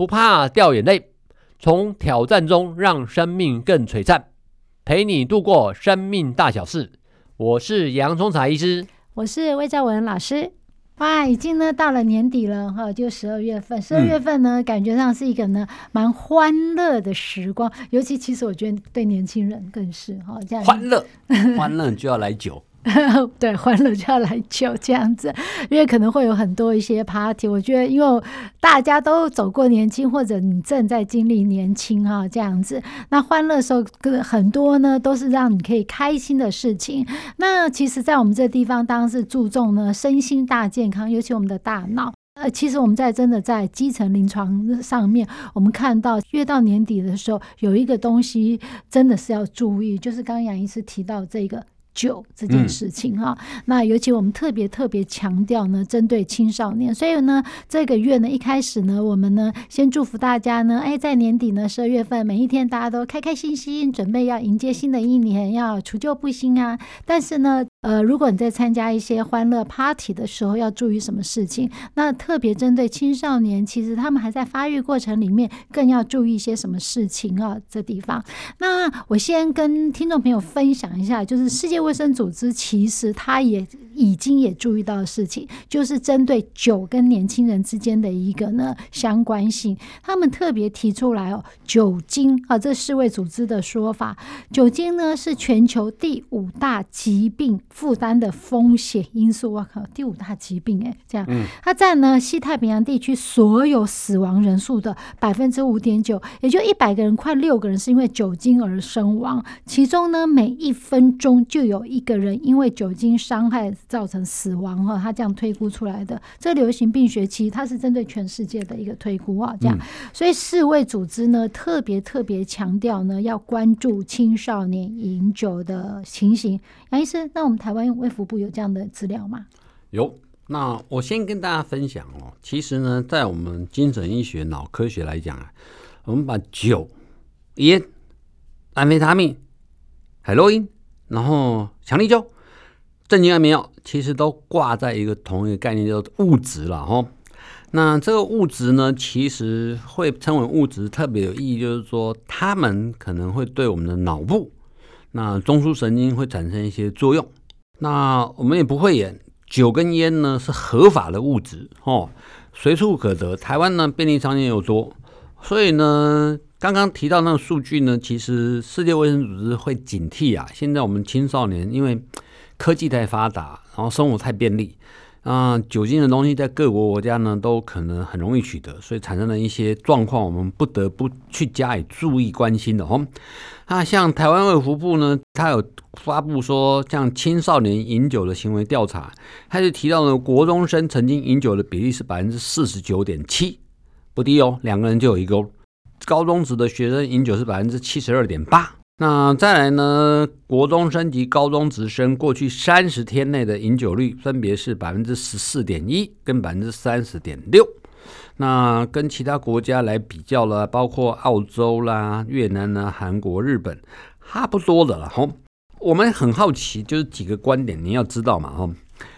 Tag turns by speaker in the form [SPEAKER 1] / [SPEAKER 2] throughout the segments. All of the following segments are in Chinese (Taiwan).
[SPEAKER 1] 不怕掉眼淚，從挑戰中讓生命更璀璨，陪你度過生命大小事。我是楊聰財醫
[SPEAKER 2] 師，我是魏兆玟老師。哇，已經呢到了年底了哈，就十二月份，十二月份呢、嗯、感覺上是一個呢蠻歡樂的時光，尤其其實我覺得對年輕人更是哈這樣歡樂，
[SPEAKER 1] 歡樂就要來酒。
[SPEAKER 2] 對，歡樂就要來救。這樣子，因為可能會有很多一些 party。我覺得，因為大家都走過年輕，或者你正在經歷年輕哈、哦，這樣子。那歡樂的時候，很多呢都是讓你可以開心的事情。那其實，在我們這個地方，當然是注重呢身心大健康，尤其我們的大腦。呃，其實我們在真的在基層臨床上面，我們看到越到年底的時候，有一個東西真的是要注意，就是剛剛楊醫師提到這個。酒這件事情啊、哦，嗯、那尤其我們特別特別強調呢，針對青少年。所以呢，這個月呢，一開始呢，我們呢，先祝福大家呢，哎，在年底呢，十二月份每一天，大家都開開心心，準備要迎接新的一年，要除舊布新啊。但是呢，呃，如果你在參加一些歡樂 party 的時候，要注意什麼事情？那特別針對青少年，其實他們還在發育過程裡面，更要注意一些什麼事情啊？這地方，那我先跟聽眾朋友分享一下，就是世界衛生組織其實他也已經也注意到的事情，就是針對酒跟年輕人之間的一個呢相關性，他們特別提出來哦，酒精啊，這世衛組織的說法，酒精呢是全球第五大疾病。負擔的風險因素，我靠，第五大疾病哎，這樣，它佔、嗯、呢西太平洋地區所有死亡人數的百分之五點九，也就一百個人，快六個人是因為酒精而身亡。其中呢，每一分鐘就有一個人因為酒精傷害造成死亡哈，它這樣推估出來的。這流行病學其實，它是針對全世界的一個推估啊，這樣，所以世衛組織呢特別特別強調呢，要關注青少年飲酒的情形。楊醫師，那我們。台灣用衛福部，有這樣的資料嗎？
[SPEAKER 1] 有，那我先跟大家分享哦。其實呢，在我們精神醫學、腦科學來講啊，我們把酒、菸、安非他命、海洛因，然後強力膠、鎮靜安眠藥，其實都掛在一個同一個概念，叫物質了哦。那這個物質呢，其實會稱為物質，特別有意義，就是說它們可能會對我們的腦部、那中樞神經會產生一些作用。那我們也不會演酒跟菸呢，是合法的物質哦，隨處可得。台灣呢，便利商店又多，所以呢，剛剛提到那個數據呢，其實世界衛生組織會警惕啊。現在我們青少年因為科技太發達，然後生活太便利。啊、嗯，酒精的東西在各國國家呢，都可能很容易取得，所以產生了一些狀況，我們不得不去加以注意關心的哦。那、啊、像台灣衛福部呢，他有發布說，像青少年飲酒的行為調查，他就提到了國中生曾經飲酒的比例是百分之四十九點七，不低哦，兩個人就有一個。高中職的學生飲酒是百分之七十二點八。那再來呢？國中生及高中直升，過去三十天內的飲酒率分別是百分之十四點一跟百分之三十點六。那跟其他國家來比較了，包括澳洲啦、越南啦、啊、韓國、日本，差不多的了哈，我們很好奇，就是幾個觀點，你要知道嘛，哈。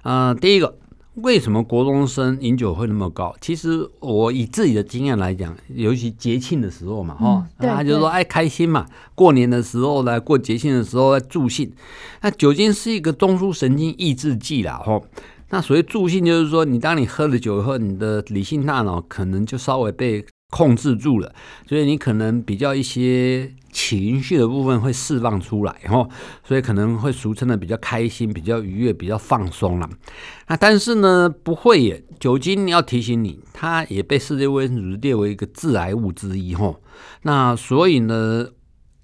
[SPEAKER 1] 啊、呃，第一個。為什麼國中生飲酒會那麼高？其實我以自己的經驗來講，尤其節慶的時候嘛，哈、嗯，他、啊、就是、說哎，開心嘛，過年的時候來，過節慶的時候來助興。那酒精是一個中樞神經抑制劑啦。哈，那所謂助興就是說，你當你喝了酒以後，你的理性大腦可能就稍微被。控制住了，所以你可能比較一些情緒的部分會釋放出來，哦。所以可能會俗稱的比較開心、比較愉悅、比較放鬆啦。啊，但是呢，不會耶。酒精，你要提醒你，它也被世界衛生組織列為一個致癌物之一，哦。那所以呢，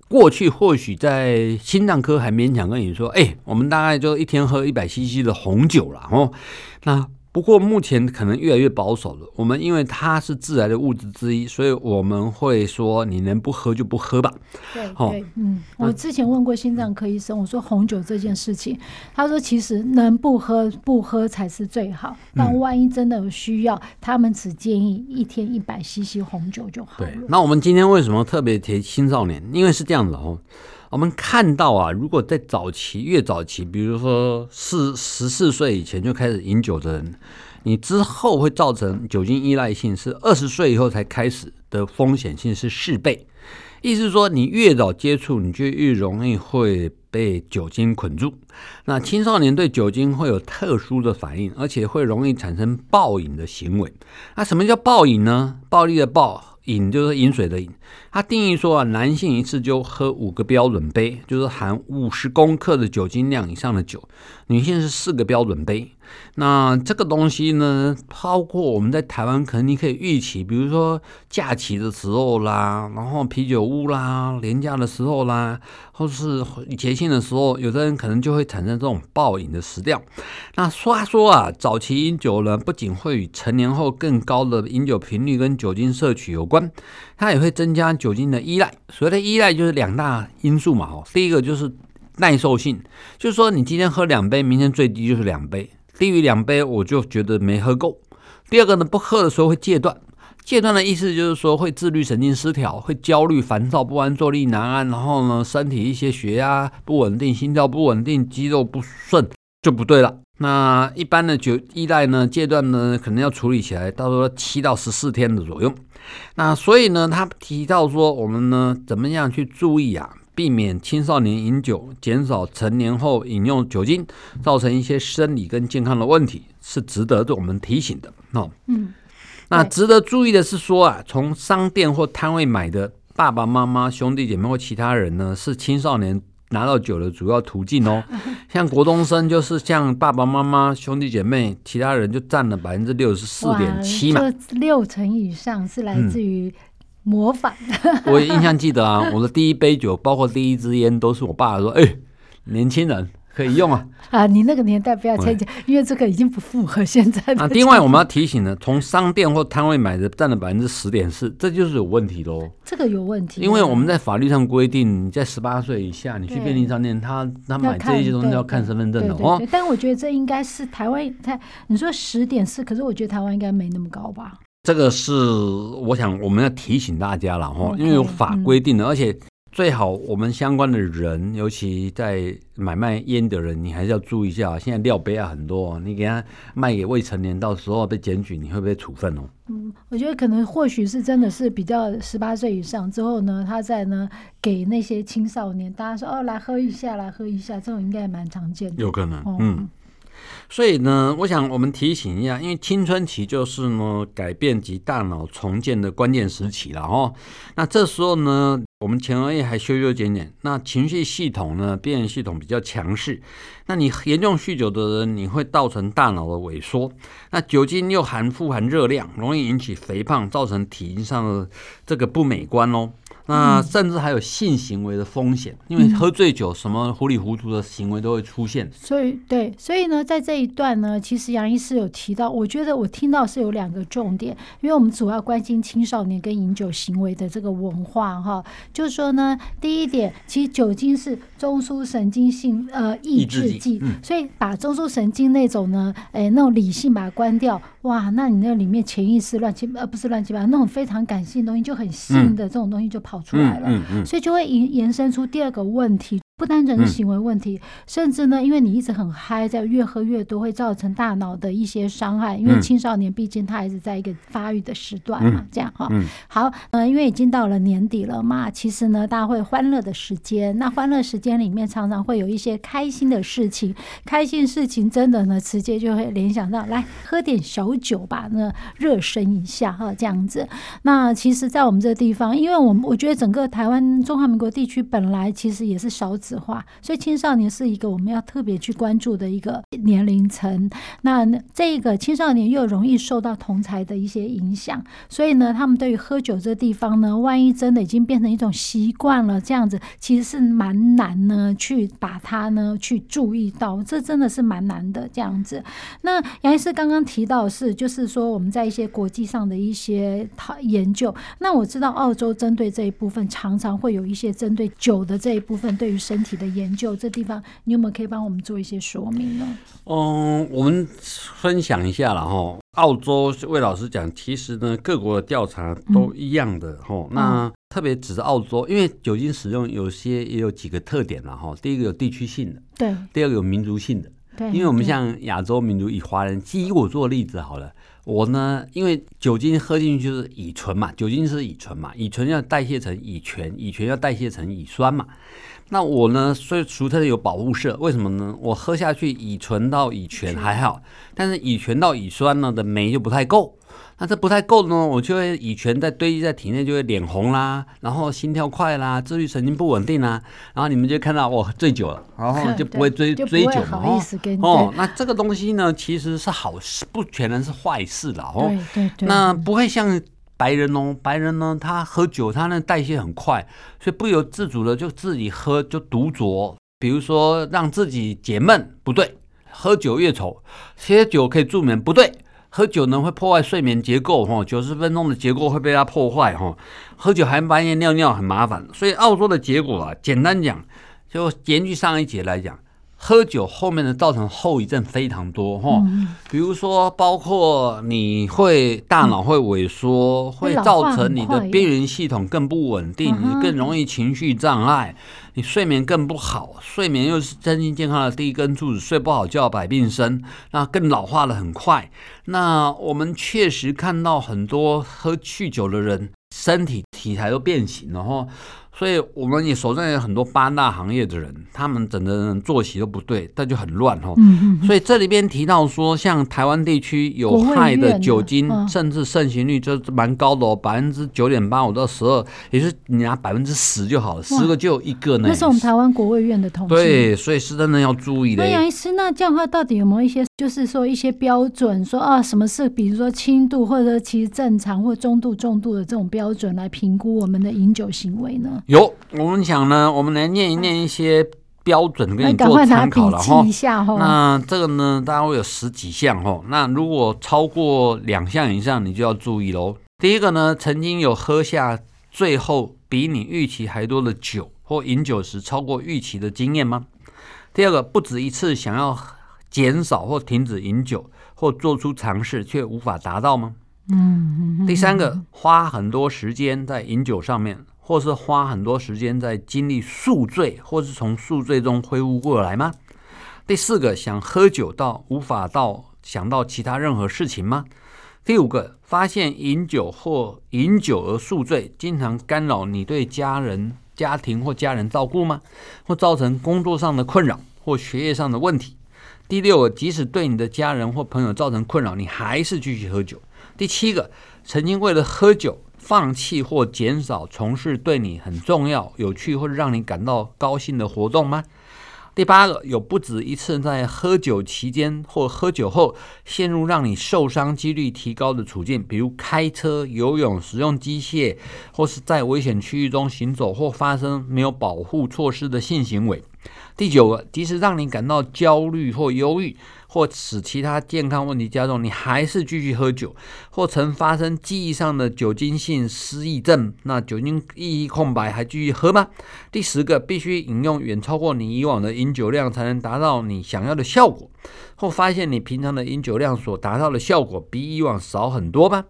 [SPEAKER 1] 過去或許在心臟科還勉強跟你說，哎、欸，我們大概就一天喝一百 CC 的紅酒啦。哦，那不過目前可能越來越保守了，我們因為它是致癌的物質之一，所以我們會說，你能不喝就不喝吧。對，對，
[SPEAKER 2] 哦、嗯，我之前問過心臟科醫生，我說紅酒這件事情，他說其實能不喝不喝才是最好，但萬一真的有需要，嗯、他們只建議一天一百 CC 紅酒就好了。對，那
[SPEAKER 1] 我們今天為什麼特別提青少年？因為是這樣子哦。我們看到啊，如果在早期越早期，比如說是十四歲以前就開始飲酒的人，你之後會造成酒精依賴性，是二十歲以後才開始的風險性是四倍。意思是說，你越早接觸，你就越容易會被酒精捆住。那青少年對酒精會有特殊的反應，而且會容易產生暴飲的行為。那什麼叫暴飲呢？暴力的暴。飲就是飲水的飲，他定義說啊，男性一次就喝五個標準杯，就是含五十公克的酒精量以上的酒，女性是四個標準杯。那這個東西呢，包括我們在台灣，可能你可以預期，比如說假期的時候啦，然後啤酒屋啦，連假的時候啦，或是節慶的時候，有的人可能就會產生這種暴飲的食量。那說話說啊，早期飲酒呢，不僅會與成年後更高的飲酒頻率跟酒精攝取有關，它也會增加酒精的依賴。所謂的依賴就是兩大因素嘛，第一個就是耐受性，就是說你今天喝兩杯，明天最低就是兩杯。低於兩杯我就覺得沒喝夠。第二個呢，不喝的時候會戒斷，戒斷的意思就是說會自律神經失調，會焦慮、煩躁不安、坐立難安。然後呢，身體一些血壓不穩定、心跳不穩定、肌肉不順就不對了。那一般的酒依賴呢，戒斷呢可能要處理起來，到時候七到十四天的左右。那所以呢，他提到說，我們呢怎麼樣去注意啊？避免青少年飲酒，減少成年後飲用酒精，造成一些生理跟健康的問題，是值得對我們提醒的。嗯，那值得注意的是說啊，對從商店或攤位買的爸爸媽媽、兄弟姐妹或其他人呢，是青少年拿到酒的主要途徑哦。 像國東升就是像爸爸媽媽、兄弟姐妹、其他人就占了百分之六十四點七嘛，
[SPEAKER 2] 六成以上是來自於、嗯。模仿，我印象記得啊， 我的
[SPEAKER 1] 第一杯酒，包括第一支菸，都是我爸說：“哎、欸，年輕人可以用啊。”
[SPEAKER 2] 啊，你那個年代不要參加，對因為這個已經不符合現在，啊另外，我們要
[SPEAKER 1] 提醒的，從商店或攤位買的占了百分之十點四，這就是有問題的
[SPEAKER 2] 哦。這個有問題，因為我
[SPEAKER 1] 們在法律上規定，你在十八歲以下，你去便利商店，對他他買這些東西要看身份證的對對對對哦對
[SPEAKER 2] 對對。但我覺得這應該是台灣，他，你說十點四，可是我覺得台灣應該沒那麼高吧。
[SPEAKER 1] 這個是我想我們要提醒大家了哈、哦，Okay, 因為有法規定的，嗯、而且最好我們相關的人，嗯、尤其在買賣煙的人，你還是要注意一下。現在料杯啊很多，你給他賣給未成年，到時候被檢舉，你會不會處分哦？嗯，
[SPEAKER 2] 我覺得可能或許是真的是比較十八歲以上之後呢，他在呢給那些青少年，大家說哦來喝一下，來喝一下，這種應該蠻常見的，有可能，嗯。嗯
[SPEAKER 1] 所以呢，我想我們提醒一下，因為青春期就是呢改變及大腦重建的關鍵時期了哦。那這時候呢，我們前額葉還修修剪剪，那情緒系統呢，邊緣系統比較強勢。那你嚴重酗酒的人，你會造成大腦的萎縮。那酒精又含富含熱量，容易引起肥胖，造成體型上的這個不美觀哦。那甚至還有性行為的風險，因為喝醉酒，什麼糊裡糊塗的行為都會出現、嗯。
[SPEAKER 2] 所以，對，所以呢，在這一段呢，其實楊醫師有提到，我覺得我聽到是有兩個重點，因為我們主要關心青少年跟飲酒行為的這個文化哈，就是說呢，第一點，其實酒精是中樞神經性呃抑制劑，抑制劑，嗯、所以把中樞神經那種呢，哎那種理性把它關掉，哇，那你那裡面潛意識亂七八，呃不是亂七八，那種非常感性的東西就很性的、嗯、這種東西就跑。出來了，嗯嗯嗯、所以就會延延伸出第二個問題。不單純是行為問題，嗯、甚至呢，因為你一直很嗨，在越喝越多，會造成大腦的一些傷害。因為青少年畢竟他還是在一個發育的時段嘛，這樣哈。嗯嗯、好，嗯，因為已經到了年底了嘛，其實呢，大家會歡樂的時間。那歡樂時間裡面，常常會有一些開心的事情。開心事情真的呢，直接就會聯想到來喝點小酒吧，那熱身一下哈，這樣子。那其實，在我們這個地方，因為我們我覺得整個台灣中華民國地區本來其實也是少子。話，所以青少年是一個我們要特別去關注的一個年齡層。那這一個青少年又容易受到同儕的一些影響，所以呢，他們對於喝酒這地方呢，萬一真的已經變成一種習慣了，這樣子其實是蠻難呢去把它呢去注意到，這真的是蠻難的這樣子。那楊醫師剛剛提到是，就是說我們在一些國際上的一些研究，那我知道澳洲針對這一部分常常會有一些針對酒的這一部分，對於生體的研究這地方，你有沒有可以幫我們做一些說明
[SPEAKER 1] 呢？嗯，嗯，我們分享一下了哈。澳洲魏老師講，其實呢，各國的調查都一樣的哈。嗯、那、嗯、特別指澳洲，因為酒精使用有些也有幾個特點了哈。第一個有地區性的，對；第二個有民族性的，對。因為我們像亞洲民族，以華人，基於我做例子好了。我呢，因為酒精喝進去就是乙醇嘛，酒精是乙醇嘛，乙醇要代謝成乙醛，乙醛要代謝成乙酸嘛。那我呢，所以俗稱有保護色，為什麼呢？我喝下去乙醇到乙醛還好，是但是乙醛到乙酸呢的酶就不太夠。那這不太夠呢，我就會乙醛，在堆積在體內，就會臉紅啦，然後心跳快啦，自律神經不穩定啦、啊，然後你們就看到我、哦、醉酒了，然後就不會追追酒嘛。哦，那這個東西呢，其實是好事，不全然是壞事了哦。對對，對那不會像白人哦，白人呢，他喝酒，他那代謝很快，所以不由自主的就自己喝就獨酌，比如說讓自己解悶，不對，喝酒越其喝酒可以助眠，不對。喝酒呢會破壞睡眠結構吼，九十分鐘的結構會被它破壞吼，喝酒還半夜尿尿很麻煩，所以澳洲的結果啊，簡單講就延續上一節來講，喝酒後面的造成後遺症非常多哈，嗯、比如說包括你會大腦會萎縮，嗯、會造成你的邊緣系統更不穩定，啊、更容易情緒障礙。你睡眠更不好，睡眠又是身心健康的第一根柱子，睡不好就要百病生，那更老化的很快。那我們確實看到很多喝酗酒的人，身體體態都變形了，然後。所以我們也手上有很多八大行業的人，他們整個人作息都不對，但就很亂哦。嗯嗯。所以這裡邊提到說，像台灣地區有害的酒精的甚至盛行率就蠻高的哦，百分之九點八五到十二，也是你拿百分之十就好了，十哇個就有一個呢。那是我們
[SPEAKER 2] 台灣國衛院的統計。對，
[SPEAKER 1] 所以是真的要注意的。那、啊、楊醫
[SPEAKER 2] 師，那這樣的話到底有沒有一些，就是說一些標準說，說啊，什麼是比如說輕度或者其實正常或者中度、重度的這種標準來評估我們的飲酒行為呢？
[SPEAKER 1] 有，我們想呢，我們來念一念一些標準，給你做參考了哈、哦。哎哦、那這個呢，大概會有十幾項哦，那如果超過兩項以上，你就要注意嘍。第一個呢，曾經有喝下最後比你預期還多的酒，或飲酒時超過預期的經驗嗎？第二個，不止一次想要減少或停止飲酒，或做出嘗試卻無法達到嗎？嗯。嗯，
[SPEAKER 2] 第三個，
[SPEAKER 1] 花很多時間在飲酒上面。或是花很多時間在經歷宿醉，或是從宿醉中恢復過來嗎？第四個，想喝酒到無法到想到其他任何事情嗎？第五個，發現飲酒或飲酒而宿醉經常干擾你對家人、家庭或家人照顧嗎？或造成工作上的困擾或學業上的問題？第六個，即使對你的家人或朋友造成困擾，你還是繼續喝酒。第七個，曾經為了喝酒。放棄或減少從事對你很重要、有趣或者讓你感到高興的活動嗎？第八個，有不止一次在喝酒期間或喝酒後陷入讓你受傷幾率提高的處境，比如開車、游泳、使用機械，或是在危險區域中行走，或發生沒有保護措施的性行為。第九個，即使讓你感到焦慮或憂鬱。或使其他健康問題加重，你還是繼續喝酒？或曾發生記憶上的酒精性失憶症，那酒精意義空白還繼續喝嗎？第十個，必須飲用遠超過你以往的飲酒量才能達到你想要的效果，或發現你平常的飲酒量所達到的效果比以往少很多嗎？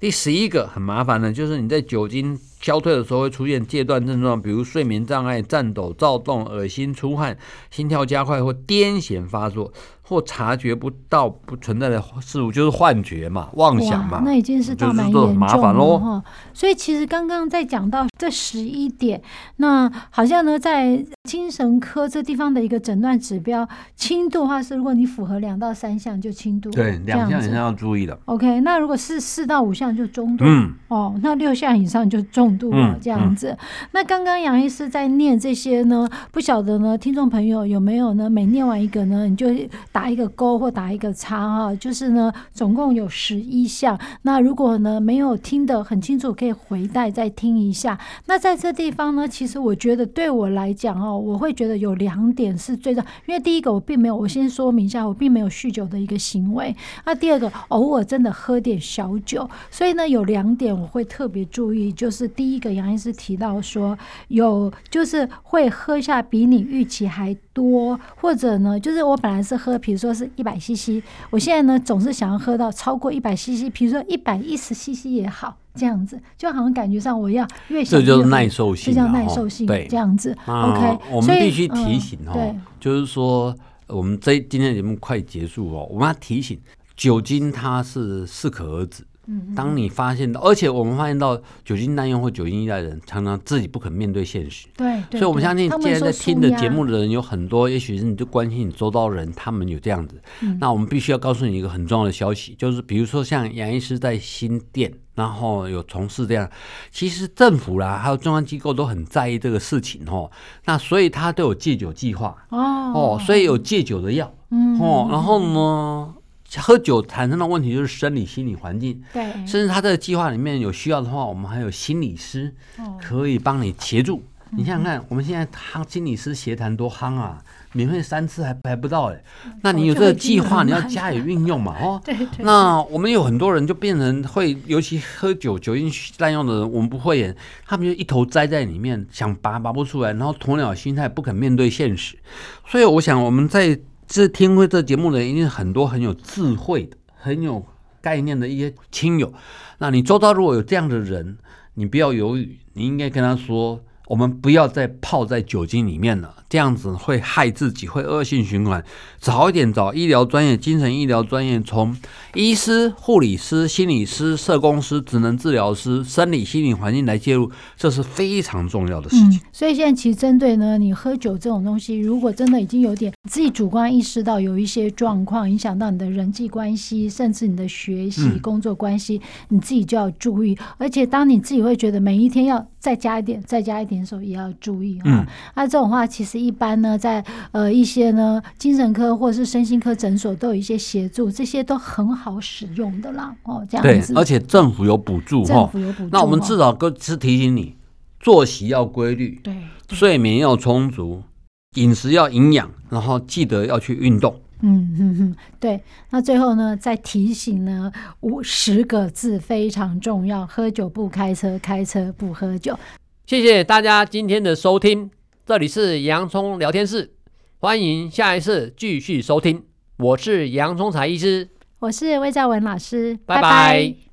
[SPEAKER 1] 第十一個很麻煩的，就是你在酒精消退的時候會出現戒斷症狀，比如睡眠障礙、顫抖、躁動、噁心、出汗、心跳加快或癲癇發作，或察覺不到不存在的事物，就是幻覺嘛、妄想嘛，那一件事倒蠻麻煩哈，
[SPEAKER 2] 所以其實剛剛在講到這十一點，那好像呢，在精神科這地方的一個診斷指標，輕度的話是如果你符合兩到三項就輕度，對，兩項以上要注意的。OK，那如果是四到五。像就中度，嗯、哦，那六項以上就重度了，這樣子。嗯嗯、那剛剛楊醫師在念這些呢，不曉得呢，聽眾朋友有沒有呢？每念完一個呢，你就打一個勾或打一個叉啊。就是呢，總共有十一項。那如果呢，沒有聽得很清楚，可以回帶再聽一下。那在這地方呢，其實我覺得對我來講哦，我會覺得有兩點是最重要，因為第一個我並沒有，我先說明一下，我並沒有酗酒的一個行為。那第二個，偶爾真的喝點小酒。所以呢，有兩點我會特別注意，就是第一個，楊醫師提到說，有就是會喝下比你預期還多，或者呢，就是我本來是喝，比如說是一百 CC，我現在呢總是想要喝到超過一百 CC，比如說一百一十 CC 也好，這樣子就好像感覺上我要越，這就是耐受性，這叫耐受性，對，這樣子。那 OK，我們必須提醒哦，嗯、對
[SPEAKER 1] 就是說我們這今天節目快結束哦，我們要提醒酒精它是適可而止。嗯、當你發現到，而且我們發現到，酒精濫用或酒精依賴的人常常自己不肯面對現實。對，
[SPEAKER 2] 對，對，所以我們相信，現在在聽的節目的
[SPEAKER 1] 人有很多，也許是你就關心你周遭人，他們有這樣子。嗯、那我們必須要告訴你一個很重要的消息，就是比如說像楊醫師在新店，然後有從事這樣，其實政府啦還有中央機構都很在意這個事情哦。那所以他都有戒酒計劃哦哦，所以有戒酒的藥嗯，哦，然後呢？喝酒產生的問題就是生理、心理環境，
[SPEAKER 2] 對，甚
[SPEAKER 1] 至他這個計劃裡面有需要的話，我們還有心理師，可以幫你協助。哦、你想想看，嗯、哼我們現在他心理師協談多夯啊，免費三次還排不到哎、欸，嗯、那你有這個計劃，你要加以運用嘛。哦，對，對，對，那我們有很多人就變成會，尤其喝酒、酒精濫用的人，我們不會也，他們就一頭栽在裡面，想拔拔不出來，然後鴕鳥心態不肯面對現實，所以我想我們在。這聽會這節目的人一定很多，很有智慧的、很有概念的一些親友，那你周遭如果有這樣的人，你不要猶豫，你應該跟他說。我們不要再泡在酒精裡面了，這樣子會害自己，會惡性循環。早一點找醫療專業、精神醫療專業，從醫師、護理師、心理師、社工師、職能治療師、生理心理環境來介入，這是非常重要的事
[SPEAKER 2] 情。嗯，所以現在其實針對呢，你喝酒這種東西，如果真的已經有點自己主觀意識到有一些狀況影響到你的人際關係，甚至你的學習、工作關係，嗯，你自己就要注意。而且當你自己會覺得每一天要再加一點，再加一點。診所也要注意哈，那、嗯啊、這種話其實一般呢，在呃一些呢精神科或是身心科診所都有一些協助，這些都很好使用的啦。哦，這樣子，對，而且
[SPEAKER 1] 政府有補助，政府有補助。哦、那我們至少都是提醒你，作息要規律，對，對，對，睡眠要充足，飲食要營養，然後記得要去運動。
[SPEAKER 2] 嗯哼哼，對。那最後呢，再提醒呢，五十個字非常重要：喝酒不開車，開車不喝酒。
[SPEAKER 1] 謝謝大家今天的收聽，這裡是楊聰聊天室，歡迎下一次繼續收聽，我是楊聰財醫師，
[SPEAKER 2] 我是魏兆玟老師，拜拜。拜拜